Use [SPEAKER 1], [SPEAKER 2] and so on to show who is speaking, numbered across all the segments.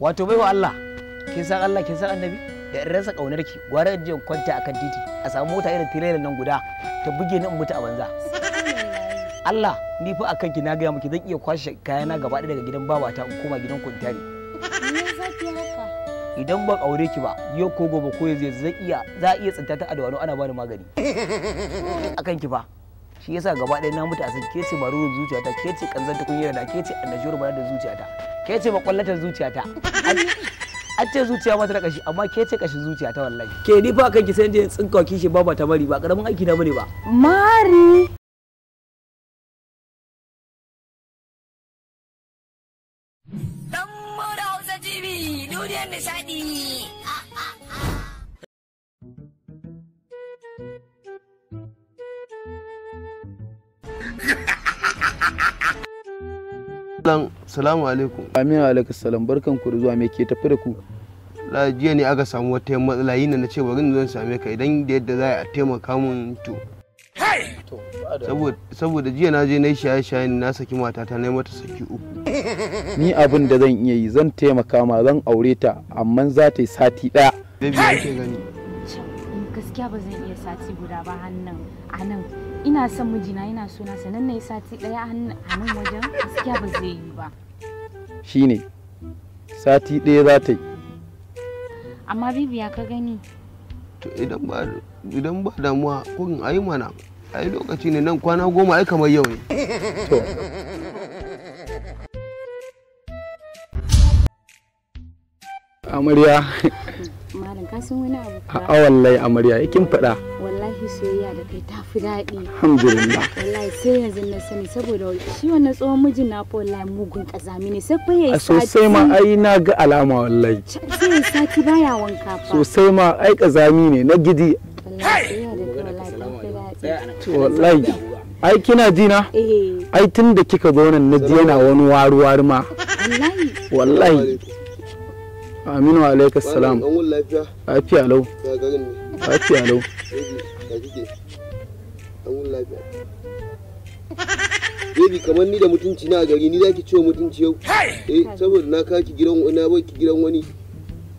[SPEAKER 1] wato baiwa Allah kin san Allah kin san annabi da in rasa kaunar ki gwara da kwanta akan titi a samu mota irin da nan guda ta buge ni in mutu a banza Allah ni fa akan ki na gaya miki zan iya kwashe kayana gaba daga gidan babata in koma gidan kuntari idan ba aure ki ba yau ko gobe ko yanzu zai iya za iya tsinta ta adawano ana bani magani akan ki fa shi yasa gaba ɗaya na mutu a san ke ce maruru zuciyata ke ce kanzanta kun yi da ke ce da zuciyata ke ce makwallatar zuciyata an ce zuciya ba ta da kashi amma ke ce kashin zuciya ta wallahi ke ni fa kanki sai je tsinka kishi ba ba ta mari ba karamin aiki na bane ba
[SPEAKER 2] mari dan mura hausa tv duniyar nishadi
[SPEAKER 3] dan salamu alaikum amin alaikum salam barkan ku da zuwa me ke tafi da ku la jiya ne aka samu wata matsala yin na ce bari zan same ka idan da yadda za a taimaka mun to saboda jiya na je na yi shaye shaye na saki matata na mata saki uku ni
[SPEAKER 4] abin da zan iya yi zan taimaka ma zan aure ta amma za ta yi sati daya baby gani
[SPEAKER 2] gaskiya ba zan iya sati guda ba hannun anan ina son mijina ina suna sanan na yi sati ɗaya a nan wajen gaskiya ba zai yi ba
[SPEAKER 4] shine
[SPEAKER 3] sati ɗaya za ta yi
[SPEAKER 2] amma bibiya ka gani
[SPEAKER 3] to idan ba idan ba damuwa ko in ayi mana ayi lokaci ne nan kwana goma ai kamar yau ne
[SPEAKER 2] to amarya malam ka san wani
[SPEAKER 4] abu a wallahi amarya yakin faɗa
[SPEAKER 2] soyayya da kai ta fi daɗi. Alhamdulillah. Wallahi sai yanzu na sani saboda shi wannan tsohon mijin na fa wallahi mugun kazami ne sai fa yayi sati. Sosai ma ai
[SPEAKER 4] na ga alama wallahi.
[SPEAKER 2] Sai yayi sati baya wanka fa.
[SPEAKER 4] Sosai ma ai kazami ne na gidi. Wallahi ai kina ji na? Eh. Ai tun da kika zo nan na ji yana wani waruwar ma.
[SPEAKER 1] Wallahi. Wallahi.
[SPEAKER 4] Aminu alaikas salam. Lafiya lau. Lafiya lau.
[SPEAKER 3] Baby kamar ni da mutunci na a gari ni ciwo mutunci yau. Eh saboda na kaki gidan wani na gidan wani.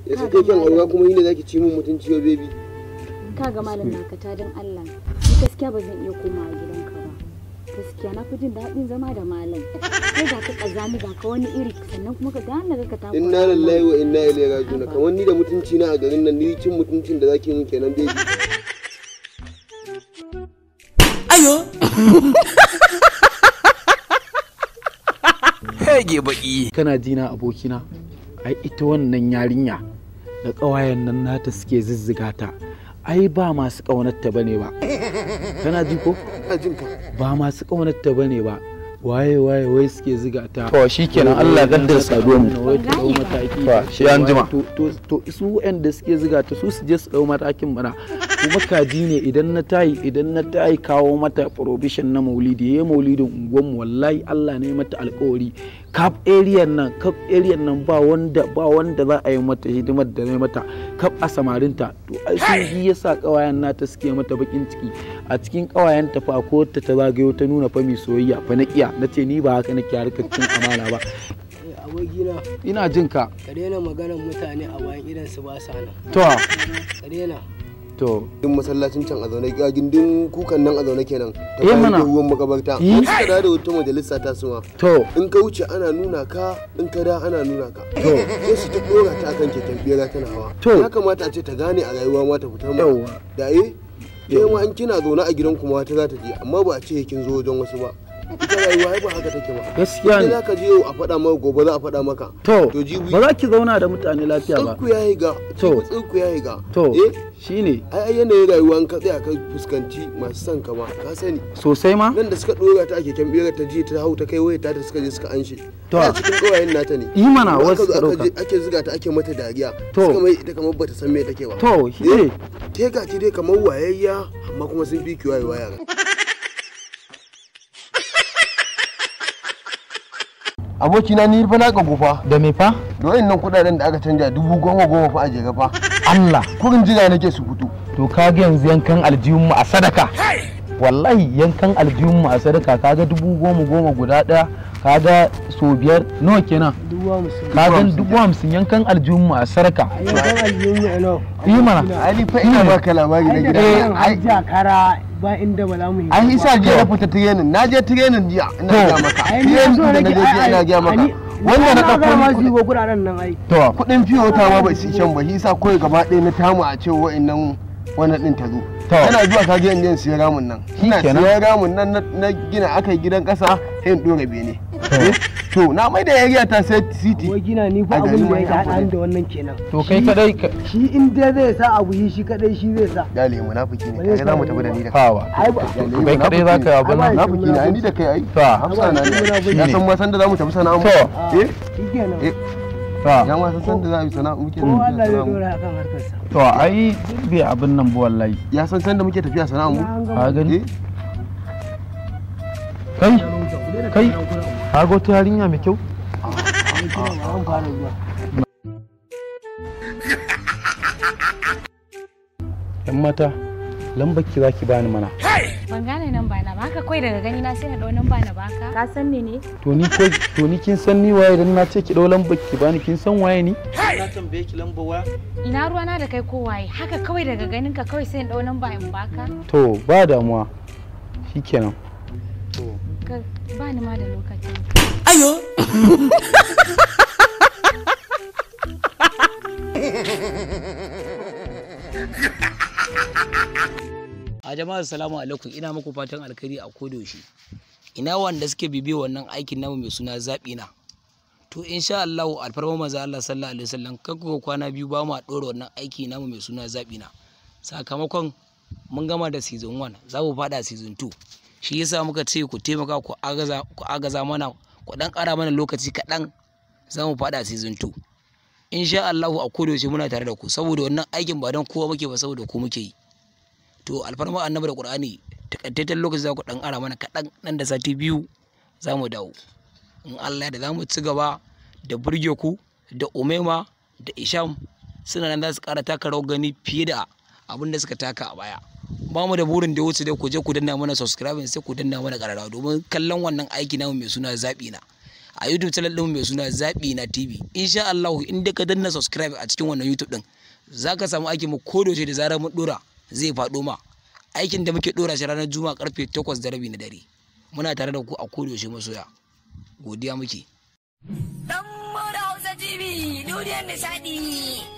[SPEAKER 3] Ya aura kuma ina ne zaki ci mutunci yau baby.
[SPEAKER 2] Ka ga malam ka ta don Allah. Ni gaskiya ba zan iya komawa ka. gaskiya na fi jin daɗin zama da malam sai ga ka kazani ga ka wani iri sannan kuma ka gane ka ta inna lillahi
[SPEAKER 3] wa inna ilaihi raji'un kamar ni da mutunci na a garin nan ni cin mutuncin da zaki mun kenan dai
[SPEAKER 1] ayo
[SPEAKER 4] hege baki kana jina abokina ai ita wannan yarinya da ƙawayen nan nata suke zizziga ta ai ba masu ƙaunarta bane ba kana ji ko ina jin ka ba masu ta bane ba waye waye wai suke ziga ta to shikenan Allah gaddar saduwa mu to mataki shi an jima to to su da suke ziga ta su su je su dau matakin bana kuma kaji ne idan na tayi idan na tayi kawo mata provision na maulidi yayi maulidin unguwan mu wallahi Allah ne mata alƙawari cap area nan cap area nan ba wanda ba wanda za a yi mata hidimar da ne mata cap a samarinta to ai sun yi yasa kawayen nata suke mata bakin ciki a cikin kawayen ta a ko ta ta zagayo ta nuna fami soyayya fa na kiya ce ni ba haka nake harkar cin amana ba
[SPEAKER 3] ina jin ka ka daina maganar mutane a bayan idan su ba sa nan to ka daina to din masallacin can a zaune ga gindin kukan nan a zaune kenan ta eh, bayan ruwan makabarta eh. ka da da wata majalisa ta suma to in ka wuce ana nuna ka in ka da ana nuna ka to sai su ta dora ta akan keken ta tana hawa to ya kamata a ce ta gane a rayuwa ma ta fitar ma da eh ke ma in kina zaune a gidan kuma wata za ta je amma ba a ce kin zo wajen wasu ba ita rayuwa ba haka take ba gaskiya ne zaka je yau a faɗa maka gobe za a faɗa maka to ba za ki zauna da mutane lafiya ba tsinku yayi ga to tsinku yayi ga to eh? shine ai yanayin rayuwa ka tsaya ka fuskanci masu son ka ma ka sani sosai ma nan da suka dora ta ake kyan ta ji ta hau ta kai wayar ta ta suka je suka anshi to a cikin dorayen nata ne yi mana wasu ka dauka ake zuga ta ake mata dariya to suka mai ita kamar bata san me take ba to shi ne eh? te ga ki dai kamar wayayya amma kuma sun bi ki wayewa yara abokina ni fa na kagu fa da me fa da wayannan kudaden da aka canja dubu goma goma fa a Allah kurin jira nake su fito to kaga yanzu yankan aljihun mu a sadaka wallahi yankan aljihun mu a sadaka kaga dubu
[SPEAKER 4] goma goma guda daya kaga so biyar nawa kenan
[SPEAKER 3] kaga dubu
[SPEAKER 4] hamsin yankan aljihun mu a sadaka yankan
[SPEAKER 3] aljihun mu a sadaka. yi mana ali fa ina baka
[SPEAKER 4] labari na gida ai
[SPEAKER 3] jakara ba inda ba za mu yi ai isa je na fita training na je training jiya ina ga maka training da na je jiya ina ga maka wannan na dauko ma su guraren nan ai to kudin fiye ta ma bai shan ba isa koyi gaba ɗaya na tamu a cewa wa'annan wannan din ta zo yana zuwa ka je in je siya ramun nan ina siya ramun nan na gina akai gidan kasa sai in dora bene Eh, to na mai da area ta city wai gina ni ko abin da yake da wannan kenan to kai kadai shi in dai zai sa abu yi shi kadai shi zai sa dale munafiki ne kai mu tafi da ni da fawa kai kadai ka abin nan munafiki ne ni da kai ai fa hamsa na ne na san ma san da mu tafi sana'a mu eh eh ya ma san san da sana'a muke tafiya sana'a mu to ai bai abin nan ba wallahi ya san san da muke tafiya sana'a mu ka gani eh? kai kai ka ga yarinya mai kyau
[SPEAKER 4] yan mata lambar ki za ki bani mana
[SPEAKER 2] ban gane nan ba na baka kai daga gani na sai na dau nan ba na baka ka san ni ne
[SPEAKER 4] to ni kai to ni kin san ni waye dan na ce ki dau lambar ki bani kin san waye ni na tambaye ki lambar waya
[SPEAKER 2] ina ruwa na da kai ko waye haka kawai daga ganin ka kawai sai na dau nan ba in baka
[SPEAKER 4] to ba damuwa shikenan
[SPEAKER 2] ma da lokaci ayo
[SPEAKER 1] a jama'a salamu alaikum ina muku fatan alkhairi a kodayaushe ina wanda suke bibiyo wannan aikin namu mai suna zaɓina? na to insha Allah alfarma manzo Allah sallallahu alaihi wasallam kanku kwana biyu ba mu ɗora wannan aiki namu mai suna zabi na sakamakon mun gama da season 1 za mu fada season 2 shi yasa muka ce ku taimaka ku agaza mana ku dan ƙara mana lokaci kaɗan za mu faɗa season 2 insha Allah a kodo shi muna tare da ku saboda wannan aikin ba dan kowa muke ba saboda ku muke yi to alfarma annabi da Qur'ani takaitaccen lokaci za ku dan ƙara mana kaɗan nan da sati biyu za mu dawo in Allah da za mu ci gaba da burge ku da umema da isham suna nan za su ƙara taka rawar gani fiye da abin da suka taka a baya ba mu da burin da wuce da ku je ku danna mana subscribe sai ku danna mana karara domin kallon wannan aiki namu mai suna zabi na a YouTube channel din mai suna zabi na TV insha Allah in da ka danna subscribe a cikin wannan YouTube din zaka samu aiki mu kodo da zarar mun dora zai fado ma aikin da muke dora shi ranar juma'a karfe 8 da rabi na dare muna tare da ku a kodo shi masoya godiya muke
[SPEAKER 4] dan da hausa tv duniyar nishadi